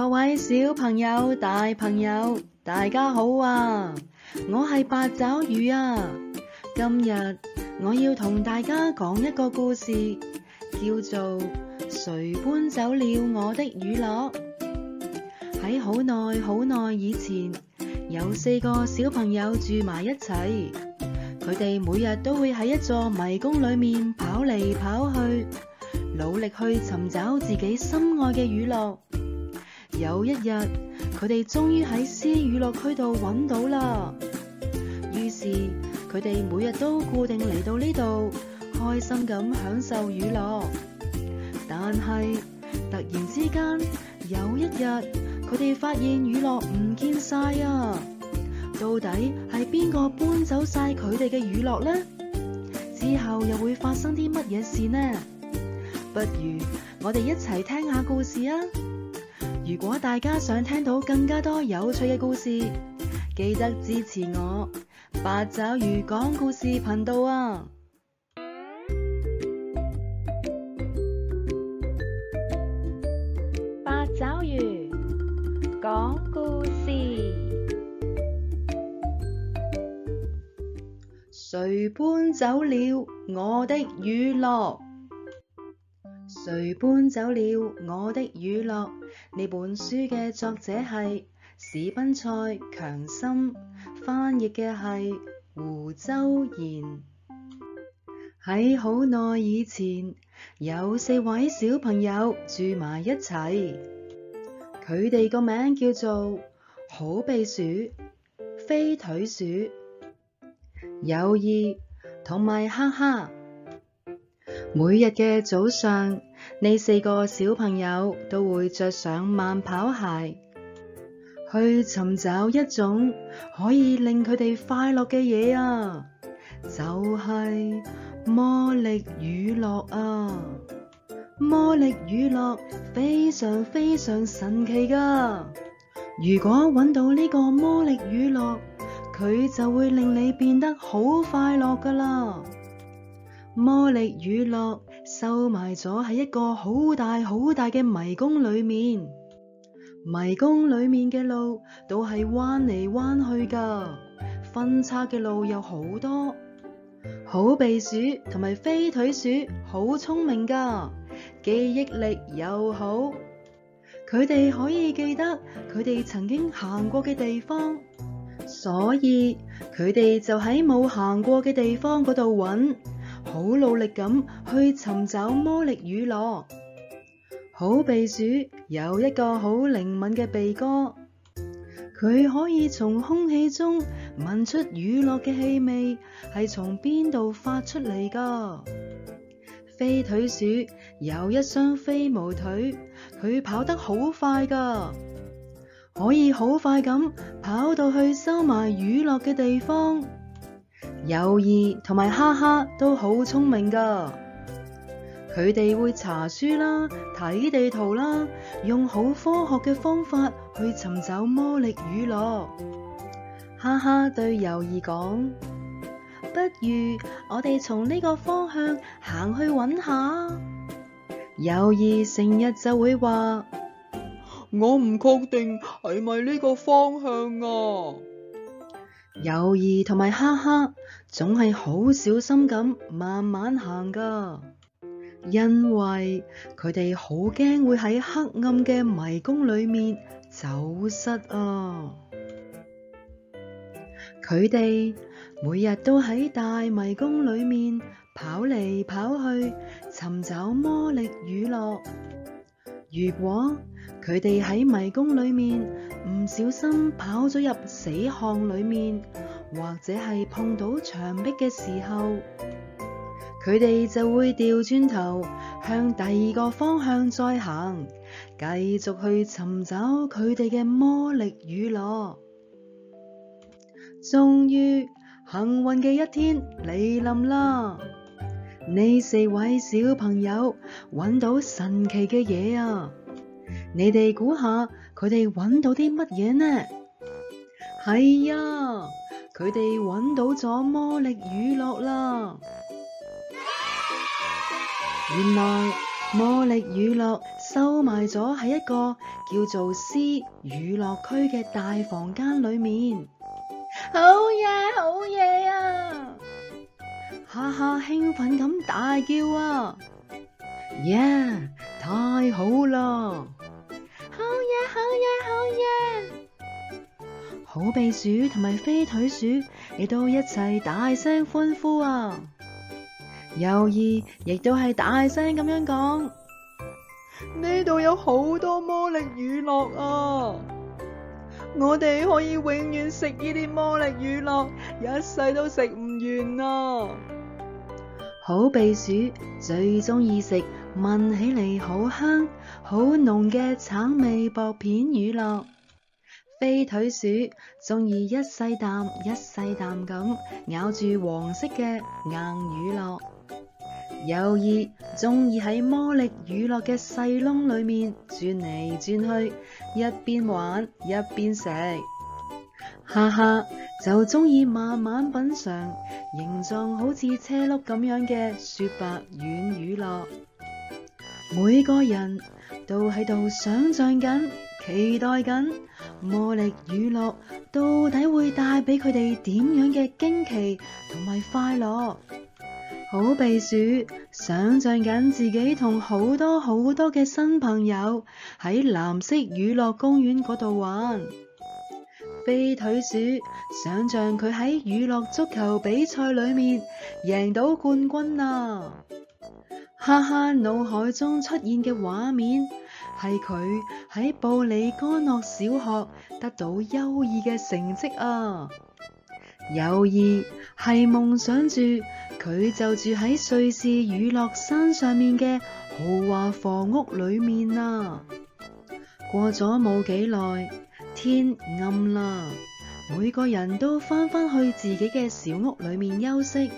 各位小朋友大朋友，大家好啊，我係八爪魚啊，今日我要同大家講一個故事，叫做誰搬走了我的乳酪。有一日，佢哋終於喺 C 乳酪區度搵到啦。於是佢哋每日都固定嚟到呢度，開心咁享受乳酪。但係突然之間，有一日，佢哋發現乳酪唔見晒啊！到底係邊個搬走晒佢哋嘅乳酪呢？之後又會發生啲乜嘢事呢？不如我哋一齊聽一下故事啊！如果大家想聽到更加多有趣嘅故事，記得支持我八爪魚講故事頻道啊！八爪魚講故事誰，誰搬走了我的乳酪？誰搬走了我的乳酪？呢本書嘅作者係史賓賽強森，翻譯嘅係胡洲賢。喺好耐以前，有四位小朋友住埋一齊。佢哋個名叫做好鼻鼠、飛腿鼠、猶豫同埋哈哈。每日嘅早上，你四個小朋友都會着上慢跑鞋，去尋找一種可以令佢哋快樂嘅嘢啊！就係、是、魔力乳酪啊！魔力乳酪非常非常神奇噶。如果搵到呢個魔力乳酪，佢就會令你變得好快樂噶啦！魔力乳酪。收埋咗喺一個好大好大嘅迷宮裏面，迷宮裏面嘅路都係彎嚟彎去噶，分叉嘅路有好多。好鼻鼠同埋飛腿鼠好聰明噶，記憶力又好，佢哋可以記得佢哋曾經行過嘅地方，所以佢哋就喺冇行過嘅地方嗰度揾。好努力咁去尋找魔力乳酪。好鼻鼠有一個好靈敏嘅鼻哥，佢可以從空氣中聞出乳酪嘅氣味，係從邊度發出嚟㗎。飛腿鼠有一雙飛毛腿，佢跑得好快㗎，可以好快咁跑到去收埋乳酪嘅地方。猶豫同埋哈哈都好聰明㗎，佢哋會查書啦，睇地圖啦，用好科學嘅方法去尋找魔力乳酪。哈哈對猶豫講：不如我哋從呢個方向行去揾下。猶豫成日就會話：我唔確定係咪呢個方向啊。猶豫同埋哈哈，總係好小心咁慢慢行㗎，因為佢哋好驚會喺黑暗嘅迷宮裡面走失啊！佢哋每日都喺大迷宮裡面跑嚟跑去，尋找魔力乳酪。如果佢哋喺迷宮裡面，.唔小心跑咗入死巷裏面，或者係碰到牆壁嘅時候，佢哋就會掉轉頭向第二個方向再行，繼續去尋找佢哋嘅魔力乳酪。終於幸運嘅一天嚟臨啦！呢四位小朋友揾到神奇嘅嘢啊！你哋估下？佢哋揾到啲乜嘢呢？係啊，佢哋揾到咗魔力乳酪啦！耶原來魔力乳酪收埋咗喺一個叫做 C 乳酪區嘅大房間裏面。好嘢，好嘢啊！哈哈，興奮咁大叫啊，耶，yeah, 太好啦！好嘢好嘢！好鼻鼠同埋飛腿鼠亦都一齊大聲歡呼啊！猶豫亦都係大聲咁樣講：呢度有好多魔力乳酪啊！我哋可以永遠食呢啲魔力乳酪，一世都食唔完啊！好鼻鼠最鍾意食。聞起嚟好香、好濃嘅橙味薄片乳酪，飛腿鼠中意一細啖一細啖咁咬住黃色嘅硬乳酪，猶豫中意喺魔力乳酪嘅細窿裏面轉嚟轉去，一邊玩一邊食，哈哈，就中意慢慢品嘗形狀好似車轆咁樣嘅雪白軟乳酪。每個人都喺度想象緊，期待緊，魔力乳酪到底會帶俾佢哋點樣嘅驚奇同埋快樂？好鼻鼠，想象緊自己同好多好多嘅新朋友喺藍色乳酪公園嗰度玩。飛腿鼠想象佢喺乳酪足球比賽裏面贏到冠軍啦！哈哈，腦海中出現嘅畫面係佢喺布里干諾小學得到優異嘅成績啊！猶豫係夢想住佢就住喺瑞士汝洛乳酪山上面嘅豪華房屋裏面啊。過咗冇幾耐，天暗啦，每個人都翻返去自己嘅小屋裏面休息。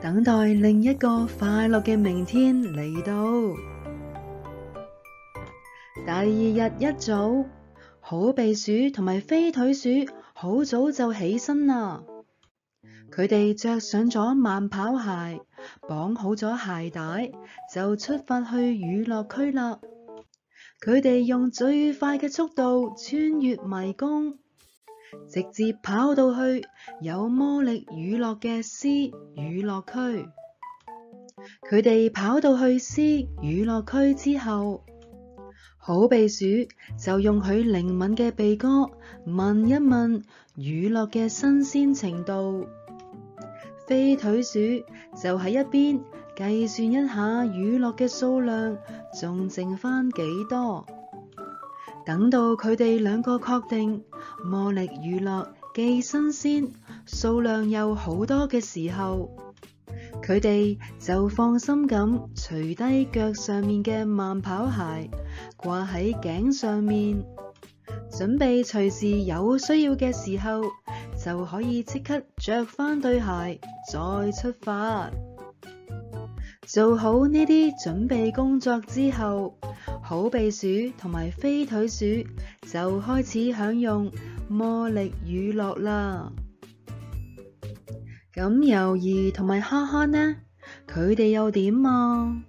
等待另一個快樂嘅明天嚟到。第二日一早，好鼻鼠同埋飛腿鼠好早就起身啦。佢哋着上咗慢跑鞋，綁好咗鞋帶，就出發去娛樂區啦。佢哋用最快嘅速度穿越迷宮。直接跑到去有魔力乳酪嘅 C 乳酪區，佢哋跑到去 C 乳酪區之後，好鼻鼠就用佢靈敏嘅鼻哥聞一聞乳酪嘅新鮮程度，飛腿鼠就喺一邊計算一下乳酪嘅數量，仲剩翻幾多，等到佢哋兩個確定。魔力乳酪既新鮮，數量又好多嘅時候，佢哋就放心咁除低腳上面嘅慢跑鞋，掛喺頸上面，準備隨時有需要嘅時候就可以即刻着翻對鞋再出發。做好呢啲準備工作之後，好鼻鼠同埋飛腿鼠就開始享用。魔力雨落啦，咁尤兒同埋哈哈呢？佢哋又點啊？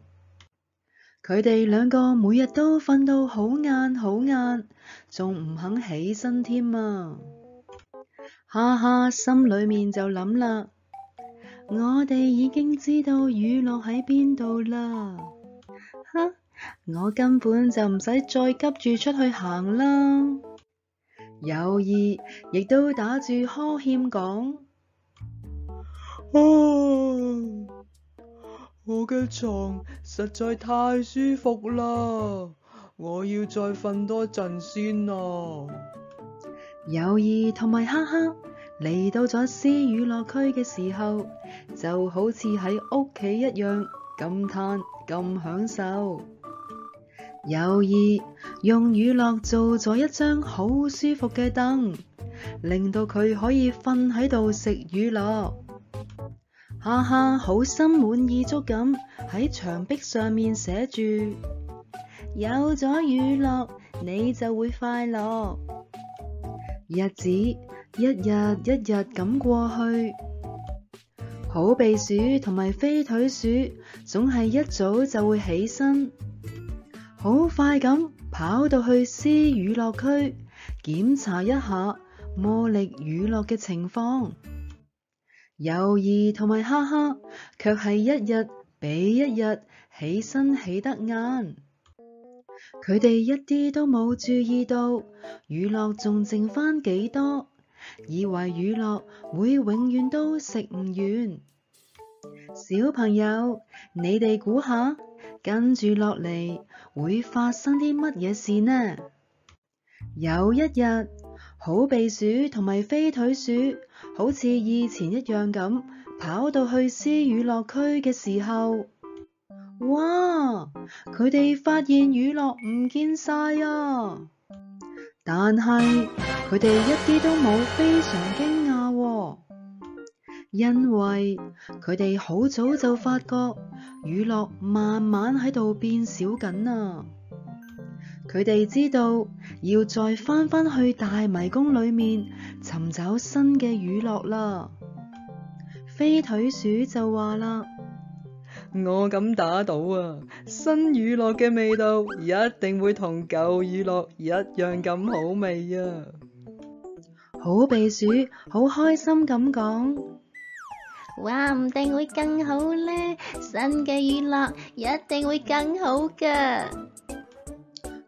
佢哋兩個每日都瞓到好晏好晏，仲唔肯起身添啊！哈哈，心裏面就諗啦，我哋已經知道雨落喺邊度啦，哈！我根本就唔使再急住出去行啦。猶豫亦都打住呵欠講，啊，我嘅床實在太舒服啦，我要再瞓多陣先咯。猶豫同埋哈哈嚟到咗 C 乳酪區嘅時候，就好似喺屋企一樣，咁嘆咁享受。猶豫用乳酪做咗一張好舒服嘅凳令到佢可以瞓喺度食乳酪。哈哈好心滿意足咁喺牆壁上面寫住：有咗乳酪，你就會快樂。日子一日一日咁過去，好鼻鼠同埋飛腿鼠總係一早就會起身。.好快咁跑到去 C 乳酪區，檢查一下魔力乳酪嘅情況，猶豫同埋哈哈卻係一日比一日起身起得晏，佢哋一啲都冇注意到乳酪仲剩返幾多，以為乳酪會永遠都食唔完。小朋友，你哋估下？跟住落嚟會發生啲乜嘢事呢？有一日，好鼻鼠同埋飛腿鼠好似以前一樣咁跑到去 C 乳酪區嘅時候，哇！佢哋發現乳酪唔見晒啊！但係佢哋一啲都冇非常驚訝，因為佢哋好早就發覺。乳酪慢慢喺度變少緊啊！佢哋知道要再翻返去大迷宮裏面尋找新嘅乳酪啦。飛腿鼠就話啦：我敢打賭啊，新乳酪嘅味道一定會同舊乳酪一樣咁好味啊！好鼻鼠好開心咁講。話唔定會更好咧，新嘅乳酪一定會更好噶。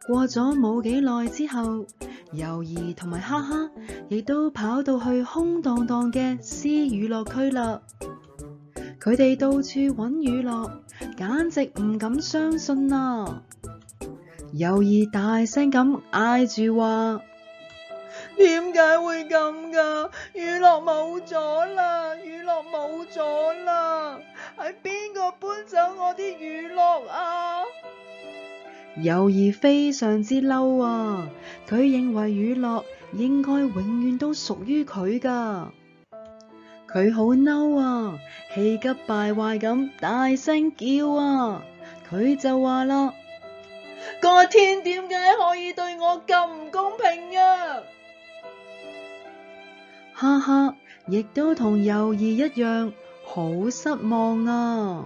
過咗冇幾耐之後，猶豫同埋哈哈亦都跑到去空蕩蕩嘅 C 乳酪區啦。佢哋到處揾乳酪，簡直唔敢相信啦。猶豫大聲咁嗌住話。點解會咁噶？乳酪冇咗啦，乳酪冇咗啦，係邊個搬走我啲乳酪啊？猶豫非常之嬲啊，佢認為乳酪應該永遠都屬於佢噶，佢好嬲啊，氣急敗壞咁大聲叫啊，佢就話啦：個天點解可以對我咁唔公平啊？哈哈， 亦都同猶豫一樣好失望啊！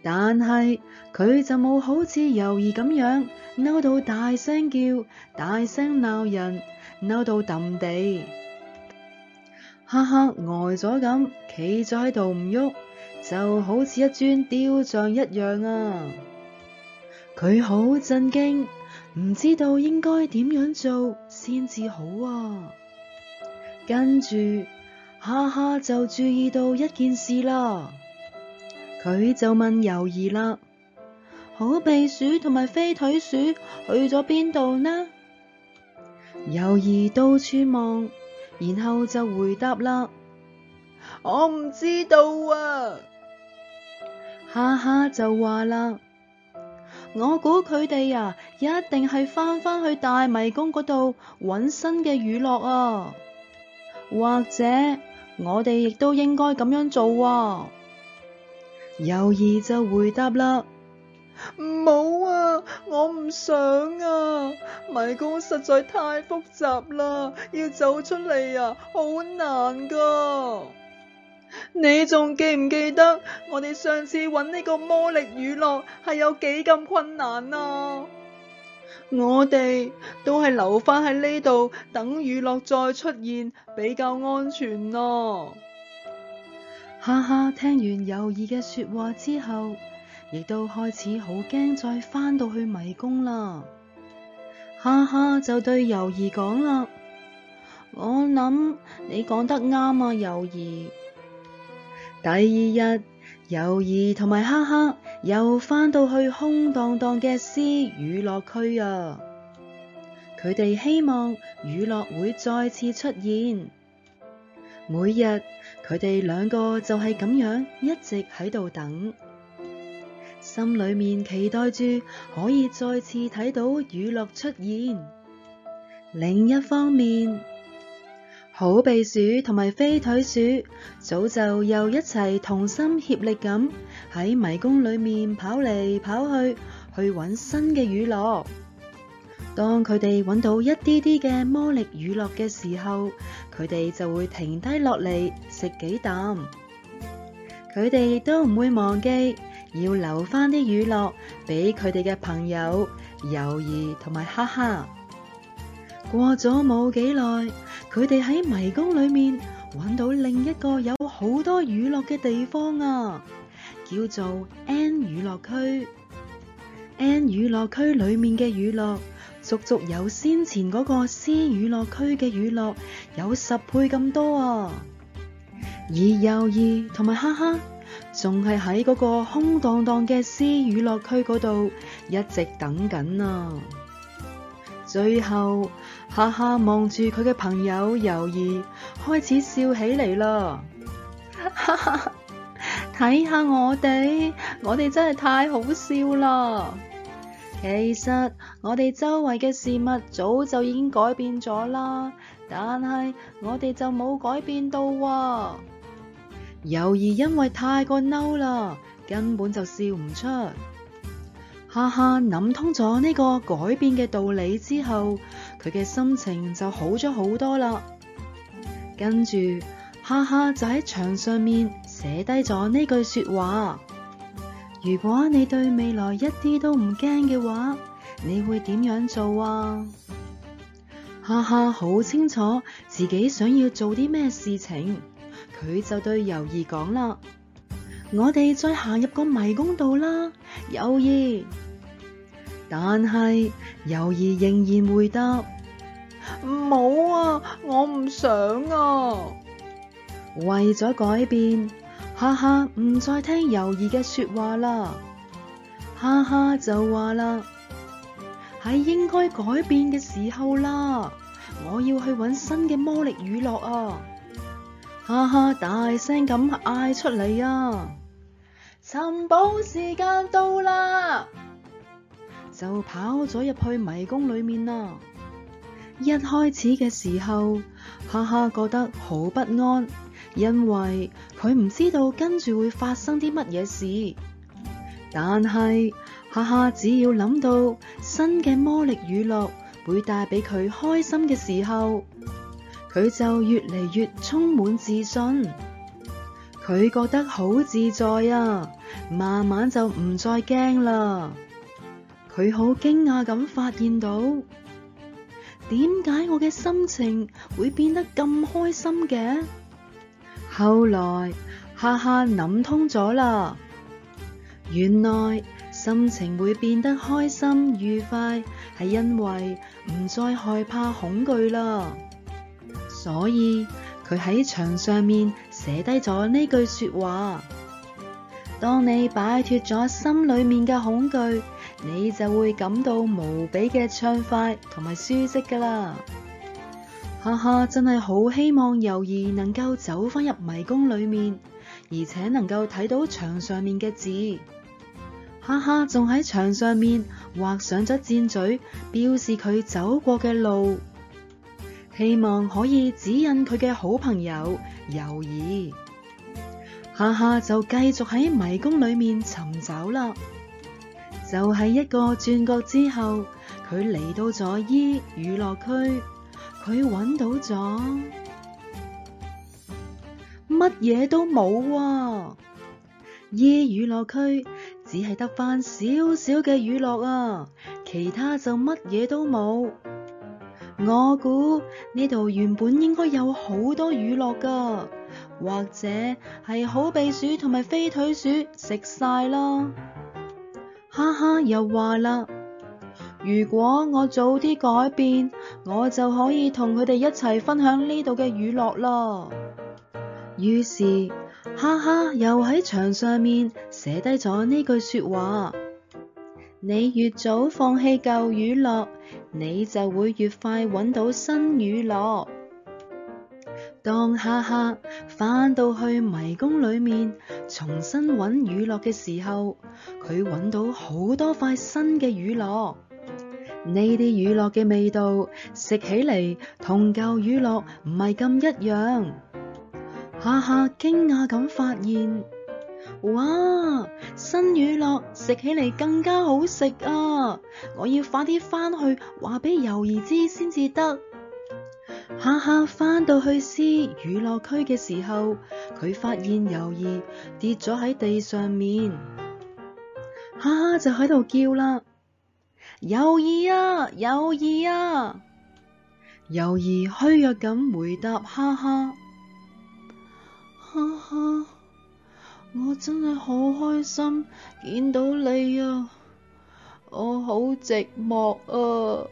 但係佢就冇好似猶豫咁樣嬲到大聲叫、大聲鬧人、嬲到揼地。哈哈，呆咗咁企咗喺度唔喐，就好似一尊雕像一樣啊！佢好震驚，唔知道應該點樣做先至好啊！跟住，哈哈，就注意到一件事啦。佢就問猶豫啦：，好鼻鼠同埋飛腿鼠去咗邊度呢？猶豫到處望，然後就回答啦：，我唔知道啊。哈哈，就話啦：，我估佢哋啊，一定係翻返去大迷宮嗰度搵新嘅娛樂啊。或者我哋亦都應該咁樣做啊、哦！猶豫就回答啦：，唔好啊，我唔想啊，迷宮實在太複雜啦，要走出嚟啊，好難噶！你仲記唔記得我哋上次揾呢個魔力乳酪係有幾咁困難啊？我哋都係留翻喺呢度等乳酪再出現比較安全咯。哈哈，聽完猶豫嘅說話之後，亦都開始好驚再翻到去迷宮啦。哈哈，就對猶豫講啦，我諗你講得啱啊，猶豫。第二日。猶豫同埋哈哈又返到去空蕩蕩嘅 C 乳酪區啊！佢哋希望乳酪會再次出現。每日佢哋兩個就係咁樣一直喺度等，心裏面期待住可以再次睇到乳酪出現。另一方面，好鼻鼠同埋飛腿鼠，早就又一齊同心協力咁喺迷宮裏面跑嚟跑去，去搵新嘅乳酪。當佢哋搵到一啲啲嘅魔力乳酪嘅時候，佢哋就會停低落嚟食幾啖。佢哋亦都唔會忘記要留翻啲乳酪俾佢哋嘅朋友猶豫同埋哈哈。過咗冇幾耐，佢哋喺迷宮裏面揾到另一個有好多乳酪嘅地方啊，叫做 N 乳酪區。N 乳酪區裏面嘅乳酪，足足有先前嗰個 C 乳酪區嘅乳酪有十倍咁多啊！而猶豫同埋哈哈，仲係喺嗰個空蕩蕩嘅 C 乳酪區嗰度一直等緊啊！最後。哈哈，望住佢嘅朋友猶豫，開始笑起嚟啦。哈哈，睇下我哋，我哋真係太好笑啦。其實我哋周圍嘅事物早就已經改變咗啦，但係我哋就冇改變到。猶豫因為太過嬲啦，根本就笑唔出。哈哈，諗通咗呢個改變嘅道理之後。佢嘅心情就好咗好多啦，跟住，哈哈就喺牆上面寫低咗呢句說話：如果你對未來一啲都唔驚嘅話，你會點樣做啊？哈哈，好清楚自己想要做啲咩事情，佢就對猶豫講啦：我哋再行入個迷宮度啦，猶豫。但係，猶豫仍然回答：冇啊，我唔想啊。為咗改變，哈哈，唔再聽猶豫嘅說話啦。哈哈就，就話啦，喺應該改變嘅時候啦。我要去揾新嘅魔力乳酪啊！哈哈，大聲咁嗌出嚟啊！尋寶時間到啦！就跑咗入去迷宮裏面啦。一開始嘅時候，哈哈覺得好不安，因為佢唔知道跟住會發生啲乜嘢事。但係，哈哈只要諗到新嘅魔力乳酪會帶俾佢開心嘅時候，佢就越嚟越充滿自信。佢覺得好自在啊，慢慢就唔再驚啦。佢好驚訝咁發現到，點解我嘅心情會變得咁開心嘅？後來哈哈諗通咗啦，原來心情會變得開心愉快，係因為唔再害怕恐懼啦。所以佢喺牆上面寫低咗呢句說話。當你擺脫咗心裏面嘅恐懼，你就會感到無比嘅暢快同埋舒適噶啦！哈哈，真係好希望猶豫能夠走返入迷宮裏面，而且能夠睇到牆上面嘅字。哈哈，仲喺牆上面畫上咗箭嘴，表示佢走過嘅路，希望可以指引佢嘅好朋友猶豫。下下就繼續喺迷宮裏面尋找啦，就係一個轉角之後，佢嚟到咗依乳酪區，佢揾到咗乜嘢都冇啊！依乳酪區只係得返少少嘅乳酪啊，其他就乜嘢都冇。我估呢度原本應該有好多乳酪㗎。或者係好鼻鼠同埋飛腿鼠食晒咯。哈哈又話啦，如果我早啲改變，我就可以同佢哋一齊分享呢度嘅乳酪啦。於是，哈哈又喺牆上面寫低咗呢句說話：你越早放棄舊乳酪，你就會越快揾到新乳酪。當哈哈返到去迷宮裏面重新揾乳酪嘅時候，佢揾到好多塊新嘅乳酪。呢啲乳酪嘅味道食起嚟同舊乳酪唔係咁一樣。哈哈驚訝咁發現，哇！新乳酪食起嚟更加好食啊！我要快啲返去話俾猶豫知先至得。哈哈，返到去 C 娛樂區嘅時候，佢發現猶豫跌咗喺地上面，哈哈就喺度叫啦。猶豫啊，猶豫啊。猶豫虛弱咁回答哈哈，哈哈，我真係好開心見到你啊，我好寂寞啊，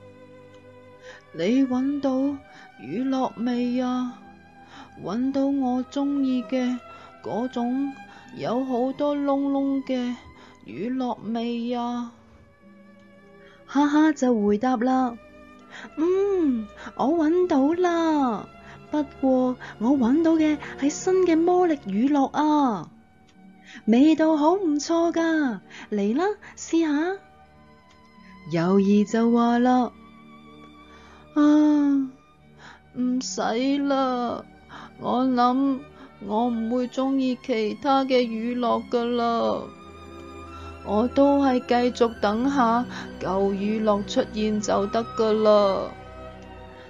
你搵到？雨落味？啊？搵到我中意嘅嗰種有好多窿窿嘅乳酪味啊？哈哈 就回答啦，嗯，我搵到啦，不過我搵到嘅係新嘅魔力乳酪啊，味道好唔錯噶，嚟啦，試下。猶豫就話啦啊。唔使啦，我諗我唔會中意其他嘅乳酪噶啦，我都係繼續等下舊乳酪出現就得噶啦。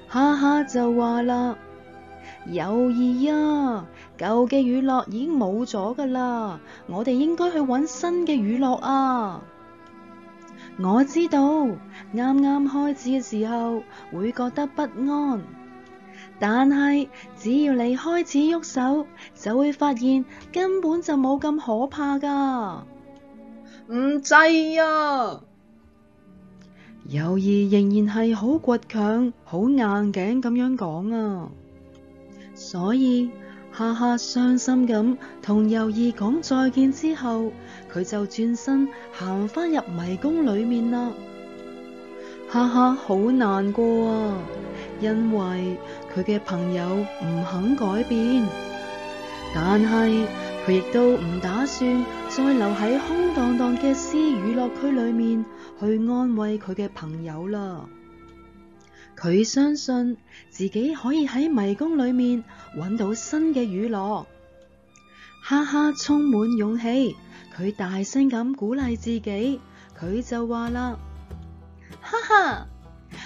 哈哈就，就話啦，猶豫啊，舊嘅乳酪已經冇咗噶啦，我哋應該去揾新嘅乳酪啊。我知道啱啱開始嘅時候會覺得不安。但係，只要你開始喐手，就會發現根本就冇咁可怕噶。唔制啊！猶豫仍然係好倔強、好硬頸咁樣講啊。所以，哈哈傷心咁同猶豫講再見之後，佢就轉身行翻入迷宮裏面啦。哈哈，好難過啊！因為佢嘅朋友唔肯改變，但係佢亦都唔打算再留喺空蕩蕩嘅乳酪區裏面去安慰佢嘅朋友啦。佢相信自己可以喺迷宮裏面揾到新嘅乳酪。哈哈，充滿勇氣，佢大聲咁鼓勵自己，佢就話啦：哈哈。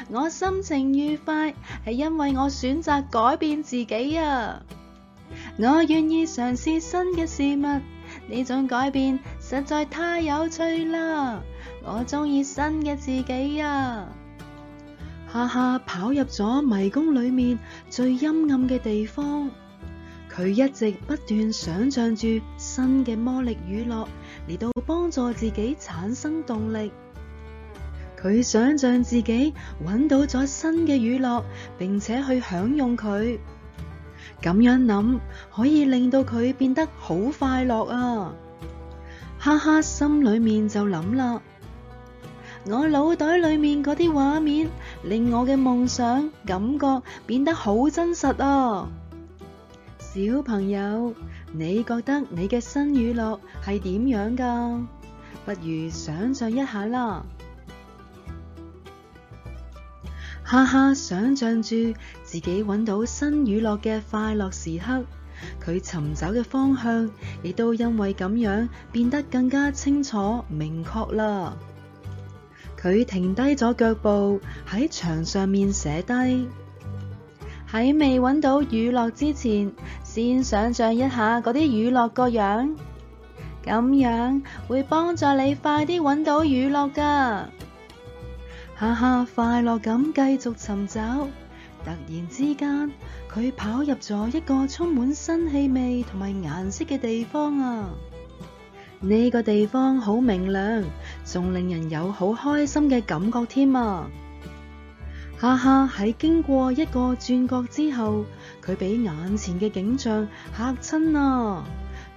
我心情愉快，係因為我選擇改變自己啊！我願意嘗試新嘅事物，呢種改變實在太有趣啦！我中意新嘅自己啊！哈哈，跑入咗迷宮裏面最陰暗嘅地方，佢一直不斷想象住新嘅魔力乳酪，嚟到幫助自己產生動力。佢想象自己揾到咗新嘅乳酪，並且去享用佢，咁樣諗可以令到佢變得好快樂啊！哈哈，心裏面就諗啦，我腦袋裏面嗰啲畫面令我嘅夢想感覺變得好真實啊！小朋友，你覺得你嘅新乳酪係點樣噶？不如想象一下啦。哈哈，想象住自己揾到新乳酪嘅快樂時刻，佢尋找嘅方向亦都因為咁樣變得更加清楚明確啦。佢停低咗腳步喺牆上面寫低：喺未揾到乳酪之前，先想象一下嗰啲乳酪個樣，咁樣會幫助你快啲揾到乳酪㗎。哈哈，快樂咁繼續尋找。突然之間，佢跑入咗一個充滿新氣味同埋顏色嘅地方啊！呢個地方好明亮，仲令人有好開心嘅感覺添啊！哈哈，喺經過一個轉角之後，佢俾眼前嘅景象嚇親啊！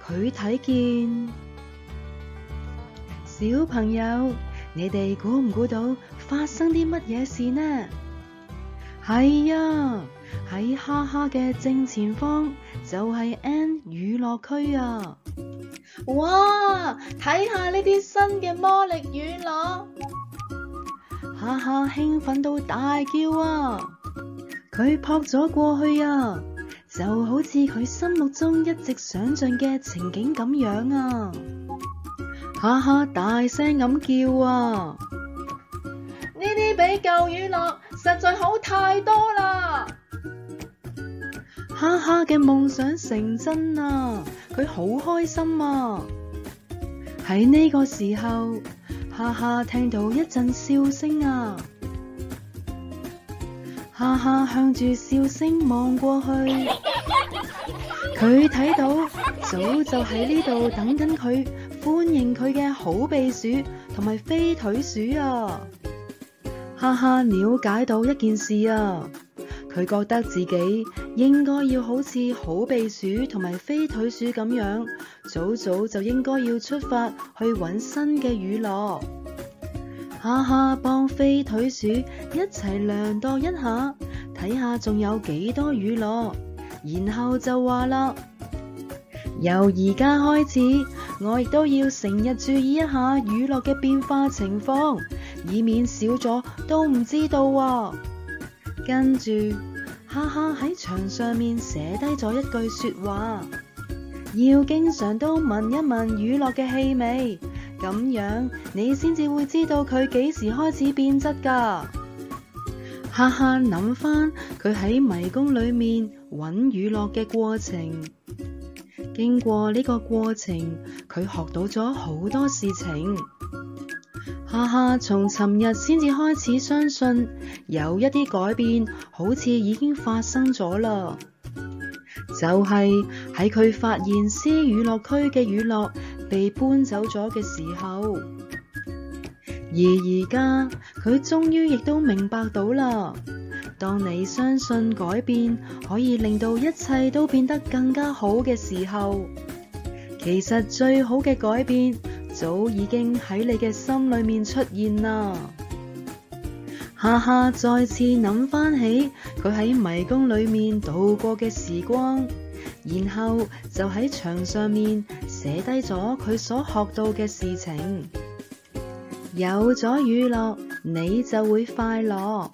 佢睇見小朋友，你哋估唔估到？發生啲乜嘢事呢？係啊，喺哈哈嘅正前方就係 N 乳酪區啊！哇，睇下呢啲新嘅魔力乳酪，哈哈興奮到大叫啊！佢撲咗過去啊，就好似佢心目中一直想象嘅情景咁樣啊！哈哈大聲咁叫啊！比舊乳酪，實在好太多啦！哈哈嘅夢想成真啊，佢好開心啊！喺呢個時候，哈哈聽到一陣笑聲啊！哈哈向住笑聲望過去，佢睇到早就喺呢度等緊佢，歡迎佢嘅好鼻鼠同埋飛腿鼠啊！哈哈，了解到一件事啊！佢覺得自己應該要好似好鼻鼠同埋飛腿鼠咁樣，早早就應該要出發去搵新嘅乳酪。哈哈，幫飛腿鼠一齊量度一下，睇下仲有幾多乳酪，然後就話啦。由而家開始，我亦都要成日注意一下乳酪嘅變化情況。以免少咗都唔知道。哦，跟住哈哈喺牆上面寫低咗一句說話，要經常都聞一聞乳酪嘅氣味，咁樣你先至會知道佢幾時開始變質噶。哈哈諗翻，佢喺迷宮裏面揾乳酪嘅過程，經過呢個過程，佢學到咗好多事情。哈哈，從尋日先至開始相信，有一啲改變好似已經發生咗啦。就係喺佢發現 C 乳酪區嘅乳酪被搬走咗嘅時候，而而家佢終於亦都明白到啦。當你相信改變可以令到一切都變得更加好嘅時候，其實最好嘅改變。早已經喺你嘅心裏面出現啦！哈哈，再次諗翻起佢喺迷宮裏面度過嘅時光，然後就喺牆上面寫低咗佢所學到嘅事情。有咗乳酪，你就會快樂。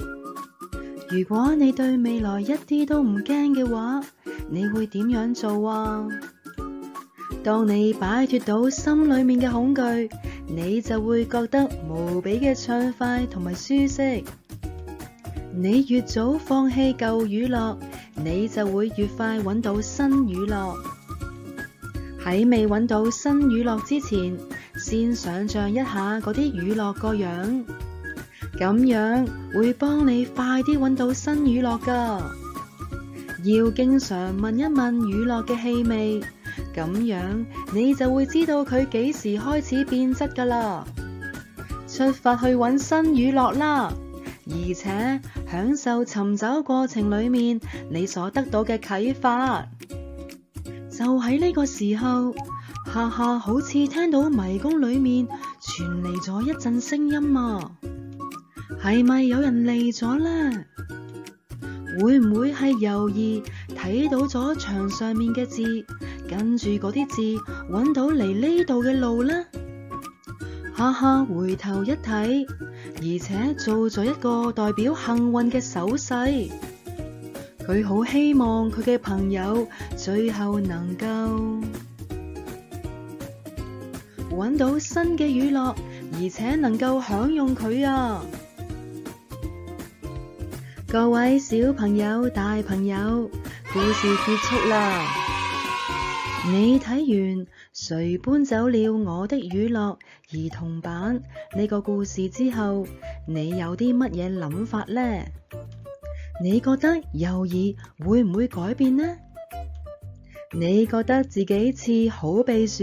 如果你對未來一啲都唔驚嘅話，你會點樣做啊？當你擺脫到心裏面嘅恐懼，你就會覺得無比嘅暢快同埋舒適。你越早放棄舊乳酪，你就會越快揾到新乳酪。喺未揾到新乳酪之前，先想象一下嗰啲乳酪個樣，咁樣會幫你快啲揾到新乳酪㗎。要經常聞一聞乳酪嘅氣味。咁樣你就會知道佢幾時開始變質㗎喇！出發去揾新乳酪啦，而且享受尋找過程裏面你所得到嘅啟發。就喺呢個時候，哈哈，好似聽到迷宮裏面傳嚟咗一陣聲音啊！係咪有人嚟咗呢？會唔會係猶豫睇到咗牆上面嘅字？跟住嗰啲字，揾到嚟呢度嘅路啦！哈哈，回頭一睇，而且做咗一個代表幸運嘅手勢。佢好希望佢嘅朋友最後能夠揾到新嘅乳酪，而且能夠享用佢啊！各位小朋友、大朋友，故事結束啦。你睇完《誰搬走了我的乳酪》兒童版呢個故事之後，你有啲乜嘢諗法呢？你覺得猶豫會唔會改變呢？你覺得自己似好鼻鼠、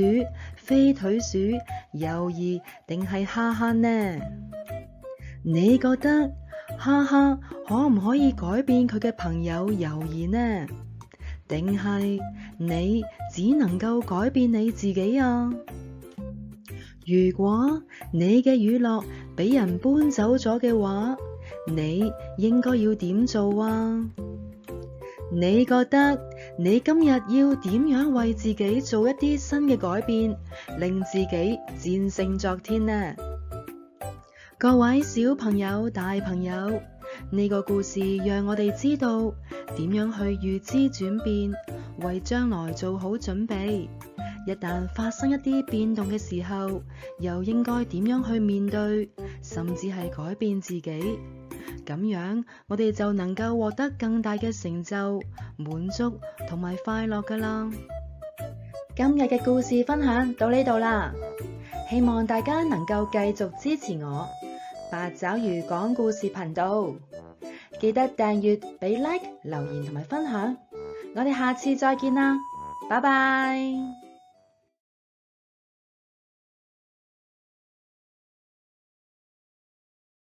飛腿鼠、猶豫，定係哈哈呢？你覺得哈哈可唔可以改變佢嘅朋友猶豫呢？定係你只能夠改變你自己啊！如果你嘅乳酪俾人搬走咗嘅話，你應該要點做啊？你覺得你今日要點樣為自己做一啲新嘅改變，令自己戰勝昨天呢？各位小朋友、大朋友。呢個故事讓我哋知道點樣去預知轉變，為將來做好準備。一旦發生一啲變動嘅時候，又應該點樣去面對，甚至係改變自己。咁樣我哋就能夠獲得更大嘅成就、滿足同埋快樂噶啦。今日嘅故事分享到呢度啦，希望大家能夠繼續支持我。八爪魚講故事頻道，記得訂閱、俾 like、留言同埋分享，我哋下次再見啦，拜拜。